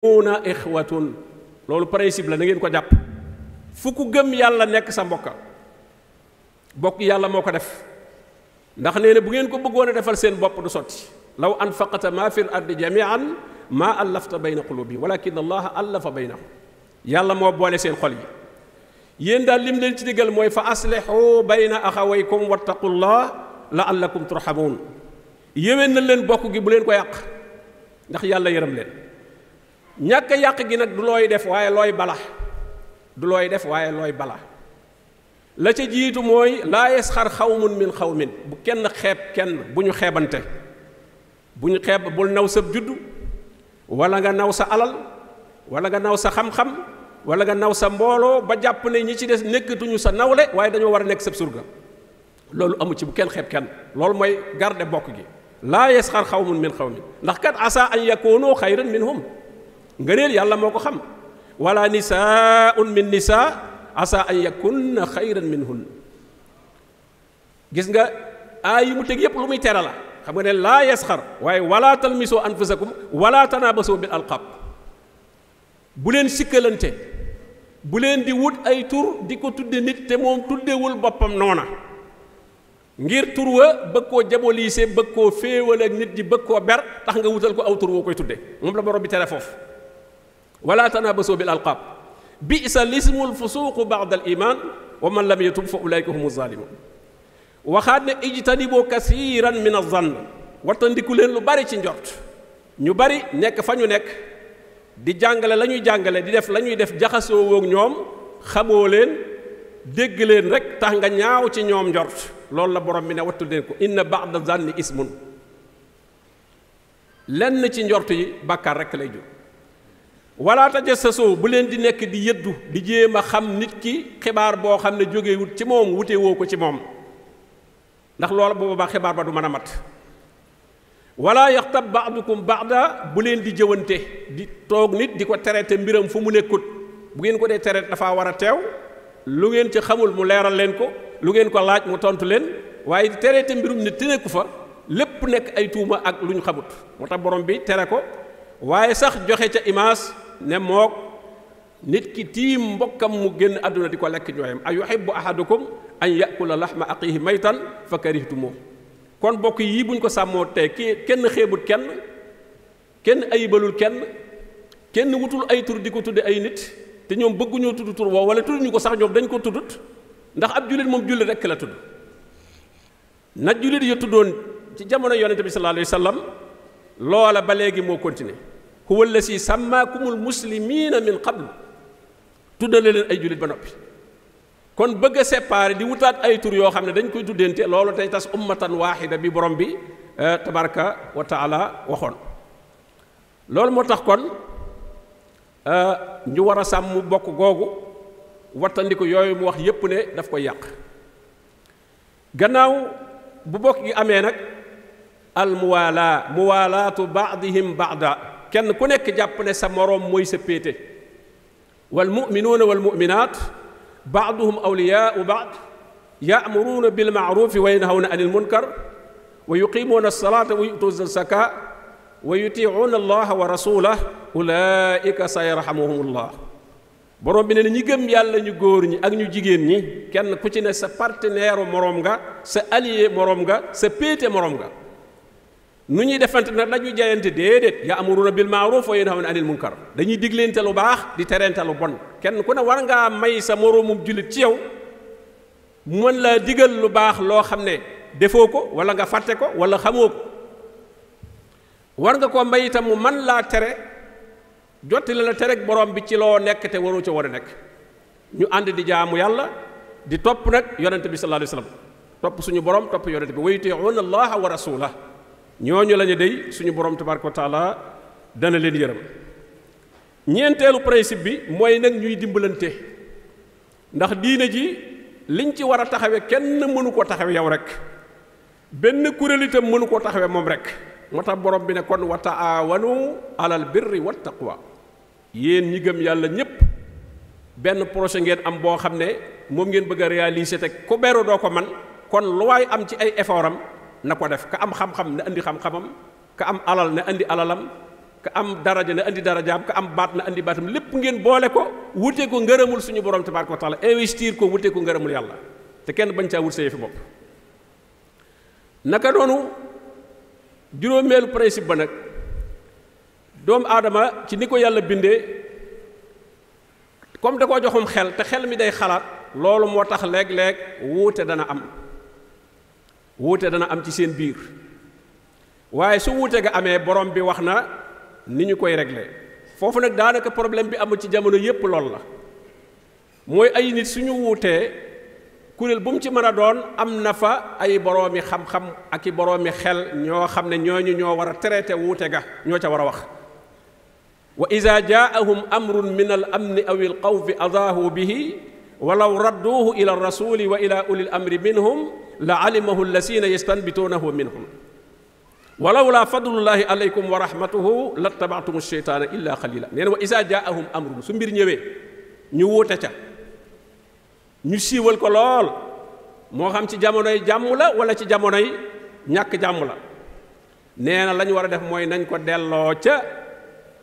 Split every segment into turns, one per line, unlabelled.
una ixwatun loolu principe la nangeen ko jàpp fu ku gëm yàlla nekk sa mbokka bokk yàlla moo ko def ndax nee bu ngeen ko bëggoon a defal seen bopp du sotti law anfaqata maa fi l ardi jamian maa allafta bayna qulubi walakin allaha allafa baynahum yàlla moo boole seen xol yi yéen daal lim leen ci diggal mooy fa aslihu bayna axawaykum wattaqullah laallakum turhamun yéwén na leen bokk gi bu leen ko yàq ndax yàlla yërëm leen ñàkk yàq gi nag du looy def waaye looy bala du looy def waaye looy bala la ca jiitu mooy laa yasxar xawmun xaw xawmin bu kenn xeeb kenn bu ñu xeebante bu ñu xeeb bul naw sa juddu wala nga naw sa alal wala nga naw sa xam-xam wala nga naw sa mbooloo ba jàpp ne ñi ci des nekkatuñu sa nawle waaye dañoo war a nekk sab surga loolu amu ci bu kenn xeeb kenn loolu mooy garde bokk gi laa yasxar xawmun min xawmin ndax kat asa an yakoonoo xayran minhum ngëneel yàlla moo ko xam wala nisaun min nisa asa an yakunna xayran minhun gis nga aay yi mu teg yépp lu muy tere la xam nga ne laa yasxar waaye wala talmisoo anfusakum wala tanaabasoo bil alqab bu leen sikkalante bu leen di wut ay tur di ko tudde nit te moom tuddewul boppam noona ngir tur wa bëgg koo jaboliise bëgg koo féewal ak nit di bëgg koo ber tax nga wutal ko aw tur woo koy tudde moom la borom bi tere foofu wala tanaabasu bil alqaab bisa lismul fusuuqu baada al iman wa man lam yatub fa ulaika humu zalimun waxaat ne ijtanibu kasiran min azann wattandiku leen lu bari ci njort ñu bari nekk fa ñu nekk di jàngale lañuy jàngale di def la ñuy def jaxasoo woog ñoom xamoo leen dégg leen rek tax nga ñaaw ci ñoom njort loolu la borom bi ne wattu leen ko inna baada zanni ismun lenn ci njort yi bàkkaar rek lay jur wala tajassasu bu leen di nekk di yëddu di jéem a xam nit ki xibaar boo xam ne jógewut ci moom wute woo ko ci moom ndax loolu booba xibaar ba du man a mat wala yaxtab baadukum baada bu leen di jëwante di toog nit di ko traité mbiram fu mu nekkut bu ngeen ko dee traité dafaa war a teew lu ngeen ci xamul mu leeral leen ko lu ngeen ko laaj mu tontu leen waaye di traité mbirum nit te nekku fa lépp nekk ay tuuma ak lu ñu xamut moo tax borom bi tere ko waaye sax joxe ca image ne mook nit ki tiim mbokkam mu génn àdduna di ko lekk ñooyam a yuhibbu ahadukum an yakula lahma aqihi maytan fa moom kon bokk yii buñ ko sàmmoo tey ki kenn xeebut kenn kenn ayibalul kenn kenn wutul ay tur di ko tudde ay nit te ñoom bëgguñoo tudd tur woow wala tudduñu ko sax ñoom dañ ko tuddut ndax ab jullit moom jullit rekk la tudd na jullit ya tuddoon ci jamono yonente bi sallallahu alayhi wa loola ba léegi moo continuer huwa allasi sàmmaakumul muslimiina min qablu tuddale leen ay jullit ba noppi kon bëgg a séparé di wutaat ay tur yoo xam ne dañ koy tuddente loolu tey tas ummatan waaxida bi borom bi eh, tabaraka wa taala waxoon loolu moo tax kon eh, ñu war a sàmm bokk googu wattandiku yooyu mu wax yépp ne daf koy yàq gannaaw bu bokk gi amee nag al muwaala muwaalaatu baadihim baada kenn ku nekk jàpp ne sa moroom mooy sa péete wal muminuuna wal muminaat baaduhum awliyaau baad yaamuruuna bilmaarufi wa yanhawna anil munkar wa yuqimuuna alsalaata wa yutuuna alzaka wa yutiicuuna allaha wa rasulah ulaika sa yarhamuhum llah borom bi ne ñi gëm yàlla ñu góor ñi ak ñu jigéen ñi kenn ku ci ne sa partenaire moroom nga sa allié moroom nga sa péete moroom nga nu ñuy defante nag dañuy jayante déedéet ya amuruna bil ma'ruf wa yanhawna anil munkar dañuy digleente lu baax di terente lu bon kenn ku ne war ngaa may sa moroomum jullit ci yow mën laa digal lu baax loo xam ne defoo ko wala nga fàtte ko wala xamoo ko war nga ko may itam mu mën laa tere jotti la la tereg borom bi ci loo nekk te waroo ca war a nekk ñu ànd di jaamu yàlla di topp nag yonente bi sallallahu alayhi wasallam topp suñu borom topp yonente bi wa yuti'una allaha wa rasulahu ñu lañu dey suñu borom tabaraka wa taala dana leen yërëm ñeenteelu principe bi mooy nag ñuy dimbalante ndax diine ji liñ ci war a taxawe kenn mënu ko taxawe yow rek benn kuréel itam mënu ko taxawe moom rek moo tax borom bi ne kon wa taawanu alal birri wat taqwa yéen ñi gëm yàlla ñépp benn projet ngeen am boo xam ne moom ngeen bëgg a réaliser te ku beru doo ko man kon lu waay am ci ay effort na ko def ka am xam-xam na indi xam-xamam ka am alal ne indi alalam ka am daraja na indi darajaam ka am baat na indi baatam lépp ngeen boole ko wute ko ngërëmul suñu borom tabaraka wa taala investir ko wute ko ngërëmul yàlla te kenn bañ caa wut sa yëfi bopp naka noonu juróomeelu principe ba nag doomu aadama ci ni ko yàlla bindee comme da koo joxum xel te xel mi day xalaat loolu moo tax léeg-léeg wuute dana am wuute dana am ci seen biir waaye su wuute ga amee borom bi wax na ni ñu koy regle foofu nag daanaka problème bi amul ci jamono yépp lool la mooy ay nit suñu wuutee kuréel bu mu ci mën a doon am na fa ay boroomi xam-xam ak i boroomi xel ñoo xam ne ñooñu ñoo war a traité wuute ga ñoo ca war a wax wa iza jaahum amrun min al amni aw al xawfi adaahu bihi walaw radduuhu ila rasuli wa ila ulil amri minhum la alimahu lasina yastanbituunahu minhum walaw laa fadlullahi aleykum wa rahmatuhu la tabaatumu sheytaana illa xalila nee na wa isa jaahum amrum su mbir ñëwee ñu wuute ca ñu siiwal ko lool moo xam ci jamonoy jàmm la wala ci jamonoy ñàkk jàmm la nee na lañu war a def mooy nañ ko delloo ca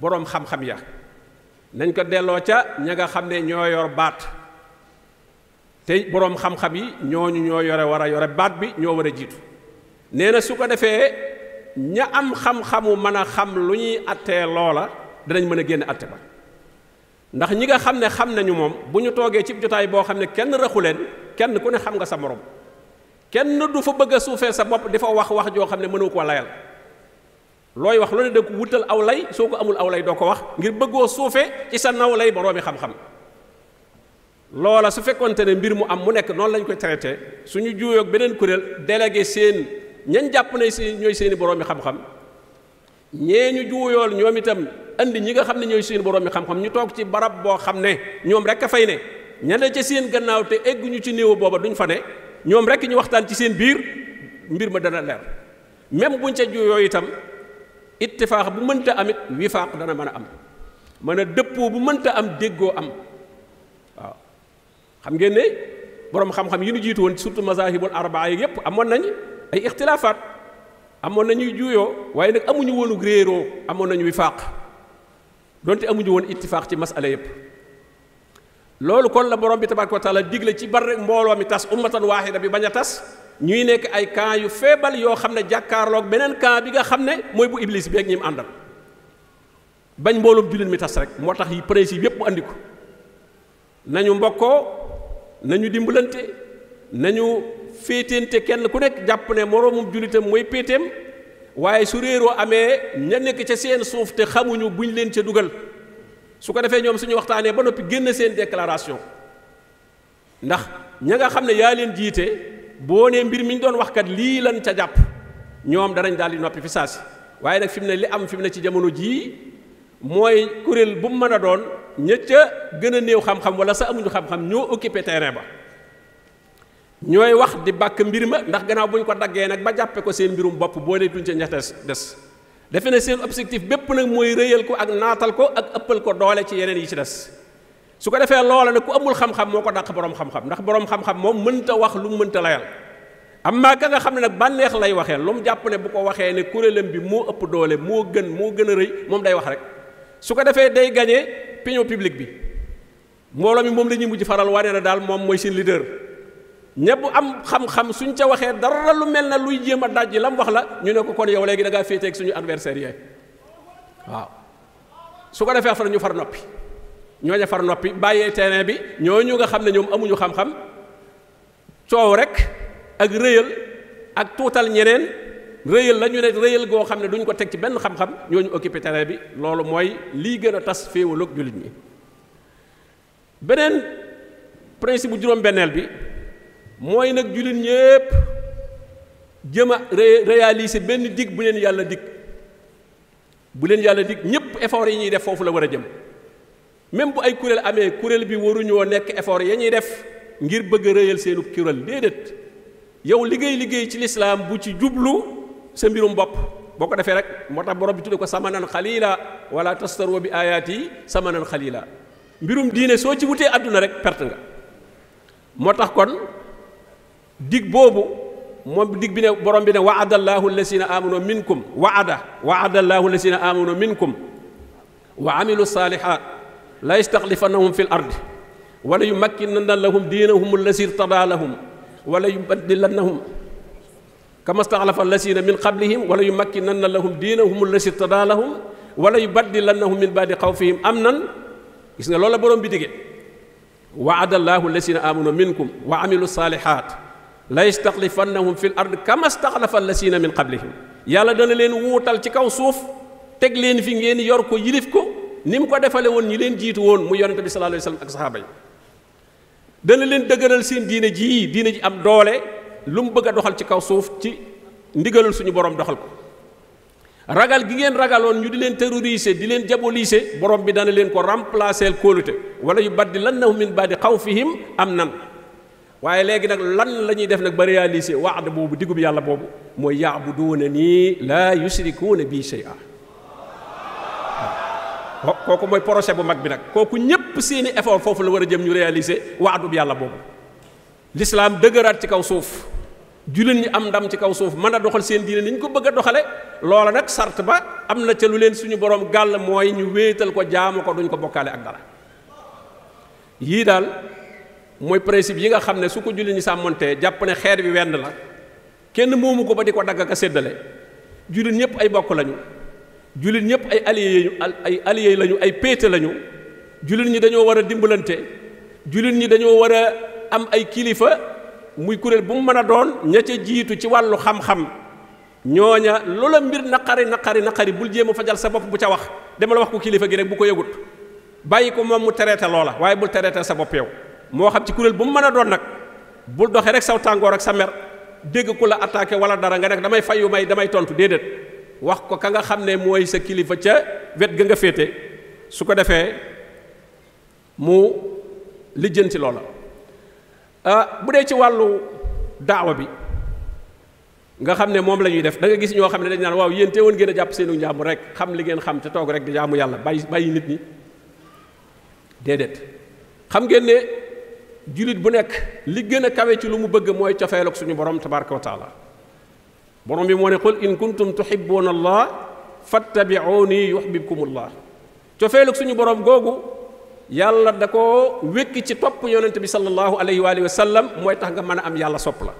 boroom xam-xam ya nañ ko delloo ca ña nga xam ne ñoo yor baat te boroom xam-xam yi ñooñu ñoo yore war a yore baat bi ñoo war a jiitu nee na su ko defee ña am xam-xamu mën a xam lu ñuy attee loola danañ mën a génn atte ba ndax ñi nga xam ne xam nañu moom bu ñu toogee ci jotaay boo xam ne kenn rëxu leen kenn ku ne xam nga sa moroom kenn du fa bëgg a suufee sa bopp di fa wax wax joo xam ne mënu ko layal looy wax lu ne da ko wutal aw lay soo ko amul aw lay doo ko wax ngir bëggoo suufee ci sa naw lay boroomi xam loola su fekkonte ne mbir mu am mu nekk noonu lañ koy traité suñu juuyoog beneen kuréel délégué seen ñañ jàpp ne si ñooy seeni boroomi xam-xam ñee ñu juuyool ñoom itam indi ñi nga xam ne ñooy seen boroomi xam-xam ñu toog ci barab boo xam ne ñoom rek a fay ne ña ne ca seen gannaaw te egguñu ci néew booba duñ fa ne ñoom rek ñu waxtaan ci seen biir mbir ma dana ler même buñ ca juuyoo itam ittifaax bu mënta amit wifaaq dana mën a am mën a dëppoo bu mënta am déggoo am. xam ngeen ne borom xam-xam yi ñu jiitu woon surtout mazahibul arbaa yi yëpp amoon nañ ay ixtilaafaat amoon nañuy juuyoo waaye nag amuñu woonu réeroo amoon nañu wifaaq donte amuñu woon ittifaaq ci masala yëpp loolu kon la borom bi tabaraka wa digle ci bar rek mbooloo mi tas ummatan waaxida bi bañ a tas ñuy nekk ay camp yu feebal yoo xam ne jàkkaarlook beneen camp bi nga xam ne mooy bu iblis beeg ñi mu àndal bañ mbooloom jullit mi tas rek moo tax yi principe yëpp mu andi nañu mbokkoo nañu dimbalante nañu féetente kenn ku nekk jàpp ne moroomum jullitam mooy péeteem waaye su réeroo amee ña nekk ca seen suuf te xamuñu buñ leen ca dugal su ko defee ñoom suñu waxtaanee ba noppi génn seen déclaration ndax ña nga xam ne yaa leen jiite boo nee mbir mi ñu doon wax kat lii lan ca jàpp ñoom danañ daal di noppi fi waaye nag fi mu ne li am fi mu ne ci jamono jii mooy kuréel bu mu mën a doon. ña ca gën a néew xam-xam wala sa amuñu xam-xam ñoo occupé terrain ba ñooy wax di bàkk mbir ma ndax gannaaw bu ñu ko daggee nag ba jàppe ko seen mbirum bopp boo lee duñ ca ñettes des defe ne seen objectif bépp nag mooy rëyal ko ak naatal ko ak ëppal ko doole ci yeneen yi ci des su ko defee loola nag ku amul xam-xam moo ko dàq boroom xam-xam ndax boroom xam-xam moom mënta wax lu mu mënta layal amma ka nga xam ne nag bànneex lay waxee lu mu jàpp ne bu ko waxee ne kuréelam bi moo ëpp doole moo gën moo gën a rëy moom day wax rek su opinion publique bi mbooloo mi moom lañuy mujj faral wane na daal moom mooy seen leader ñëpp am xam-xam suñ ca waxee dara lu mel na luy jéem a daj lam wax la ñu ne ko kon yow léegi da ngaa féetee suñu adversaire yee waaw su ko defee far ñu far noppi ñooña far noppi bàyyee terrain bi ñoo ñooñu nga xam ne ñoom amuñu xam-xam coow rek ak rëyal ak tuutal ñeneen. rëyal la ñu ne rëyal goo xam ne duñu ko teg ci benn xam-xam ñooñu occupé terrain bi loolu mooy lii gën a tas féewaloo jullit ñi beneen principe bu juróom-benneel bi mooy nag jullit ñépp jëm a réaliser benn dig bu leen yàlla dig bu leen yàlla dig ñépp effort yi ñuy def foofu la war a jëm même bu ay kuréel amee kuréel bi waruñoo nekk effort ya ñuy def ngir bëgg rëyal seenu kuréel déedéet yow liggéey liggéey ci lislaam bu ci jublu sa mbirum bopp boo ko defee rek moo tax borom bi tudde ko samanan xalila wala tastaroo bi ayaati samanan xalila mbirum diine soo ci wutee àdduna rek perte nga moo tax kon dig boobu moom dig bi ne borom bi ne waada allahu alladina amanu minkum waada waada allahu alladina amanu minkum wa amilu salihat la yastaxlifannahum fi l ardi wala yumakkinanna lahum diinahum alladi irtadaa lahum wala yubaddilannahum kama staxlafa lasina min qablihim wala yu makkinanna lahum diinahum allasi tadaa lahum wala yu baddilannahum min baadi xawfihim amnan gis nga loolu la borom bi dige waada allaahu allazina amanu minkum wa amilu saalihaat la yastaxlifannahum fi l ard kama staxlafa allazina min qablihim yàlla dana leen wuutal ci kaw suuf teg leen fi ngeen yor ko yilif ko ni mu ko defale woon ñi leen jiitu woon mu yonente bi sallallahu alayhi wa sallam ak saxaaba yi leen dëgëral seen diine ji diine ji am doole lu mu bëgg a doxal ci kaw suuf ci ndigalul suñu borom doxal ko ragal gi ngeen ragaloon ñu di leen terroriser di leen diaboliser borom bi dana leen ko remplacer kóolute wala yu baddi lan nahu min baadi xawfihim am nan waaye léegi nag lan la ñuy def nag ba réaliser waada boobu digub yàlla boobu mooy yaabuduuna nii laa yusrikuuna bii shay'a kooku mooy projet bu mag bi nag kooku ñépp seeni effort foofu la war a jëm ñu réaliser waadub yàlla boobu lislaam dëgëraat ci kaw suuf jullit ñi am ndam ci kaw suuf mën a doxal seen diine ni ñu ko bëgg a doxale loola nag sart ba am na ca lu leen suñu borom gàll mooy ñu wéetal ko jaamu ko duñ ko bokkaale ak dara yii daal mooy principe yi nga xam ne su ko jullit ñi sàmmoonte jàpp ne xeer bi wenn la kenn moomu ko ba di ko dagg ak a séddale jullit ñépp ay bokk lañu jullit ñëpp ay allié ay allié lañu ay péete lañu jullit ñi dañoo war a dimbalante jullit ñi dañoo war am ay kilifa muy kuréel bu mu mën a doon ña ca jiitu ci wàllu xam-xam ñooña loola mbir naqari naqari naqari bul jéem a fajal sa bopp bu ca wax dama wax ko kilifa gi rek bu ko yëgut bàyyi ko moom mu tereete loola waaye bul tereete sa bopp yow moo xam ci kuréel bu mu mën a doon nag bul doxee rek saw tàngoor ak sa mer dégg ku la attaqué wala dara nga nekk damay fayu may damay tontu déedéet wax ko ka nga xam ne mooy sa kilifa ca wet ga nga féete su ko defee mu lijjanti loola. Ah, bu dee ci wàllu daawa bi nga xam ne moom la ñuy def da gis ñoo xam ne dañu naan waaw yéen teewoon ngeen a jàpp seenu njaamu rek xam li ngeen xam te toog rek di jaamu yàlla bàyyi bàyyi nit ñi déedéet xam ngeen ne jullit bu nekk li gën a kawe ci lu mu bëgg mooy cofeel suñu borom tabaraka wa taala borom bi moo ne qul in kuntum tuhibbuuna allah fattabi'uuni yuhbibkumullah cofeel ak suñu borom googu yàlla da koo wékki ci topp yonent bi sallallahu alayhi sallam mooy tax nga mën a am yàlla sopp la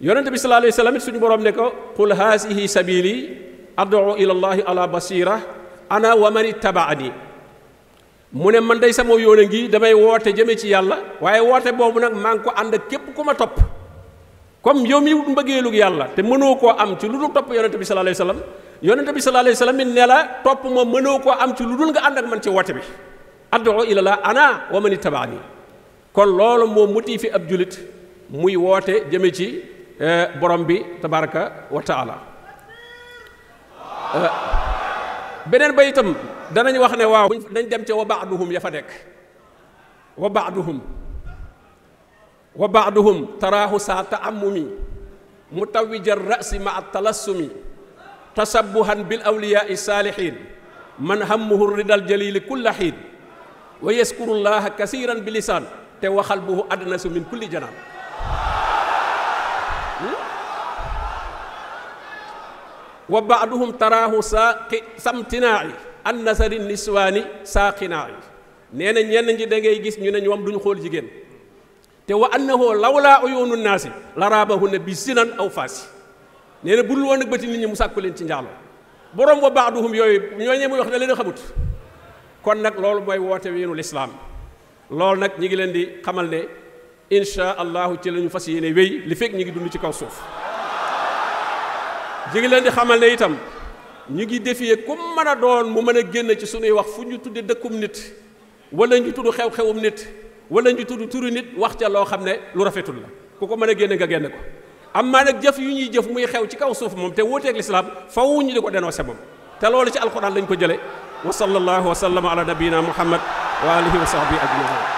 yonent bi sallallahu alayhi wa sallam it suñu boroom ne ko qul haasihi sabili ad'u ila allahi ala basira ana wa man ittabaani mu ne man dey sama yoone ngi damay woote jëme ci yàlla waaye woote boobu nag maa ngi ko ànd ak képp ku ma topp comme yow mi wut mbëggeelug yàlla te mënoo koo am ci lu dul topp yonent bi sallallahu alayhi wa sallam yonent bi sallallahu alayhi wa sallam it ne la topp ma mënoo koo am ci lu dul ànd ak man ci woote bi addoo ilallah ana wa man ittabaani kon loolu moo muti fi ab julit muy woote jëme ci eh, borom bi tabaraka wa taala eh, beneen ba itam danañ wax ne waaw dañ dem ca wa baaduhum ya fa nekk wa baaduhum wa baaduhum taraahu saa taamumi mutawija rasi ma talassumi tasabbuhan bil awliyaa saalihiin man hammuhu ridal jalili kulla xiin wa yaskurullaha kasiran bi lisaan te waxal buhu àddina su min kulli janaan hmm? wa baaduhum taraahu saaqi samtinaayi an nasari niswaani saaqinaayi nee na ñenn ji da ngay gis ñu ne ñoom duñu xool jigéen te wa annahu lawlaa uyoonu naasi la ne bi sinan aw faasi nee na budul woon ak bëti nit ñi mu sàkku leen ci njaalo boroom wa baaduhum yooyu ñooñee muy wax da leen a xamut kon nag loolu mooy woote wiinu lislaam loolu nag ñi ngi leen di xamal ne insha allahu ci la ñu fas yéene wéy li fekk ñi ngi dund ci kaw suuf ñi ngi leen di xamal ne itam ñu ngi defee ku mën a doon mu mën a génn ci sunuy wax fu ñu tudde dëkkum nit wala ñu tudd xew-xewum nit wala ñu tudd turi nit wax ca loo xam ne lu rafetul la ku ko mën a génn nga génn ko am maa nag jëf yu ñuy jëf muy xew ci kaw suuf moom te wóoteeg lislaam faw ñu di ko denoo se moom te loolu ci alxuraan lañ ko jële wa sallallahu wa sallama ala nabiyina muhammad wa alihi wa sahbihi ajmain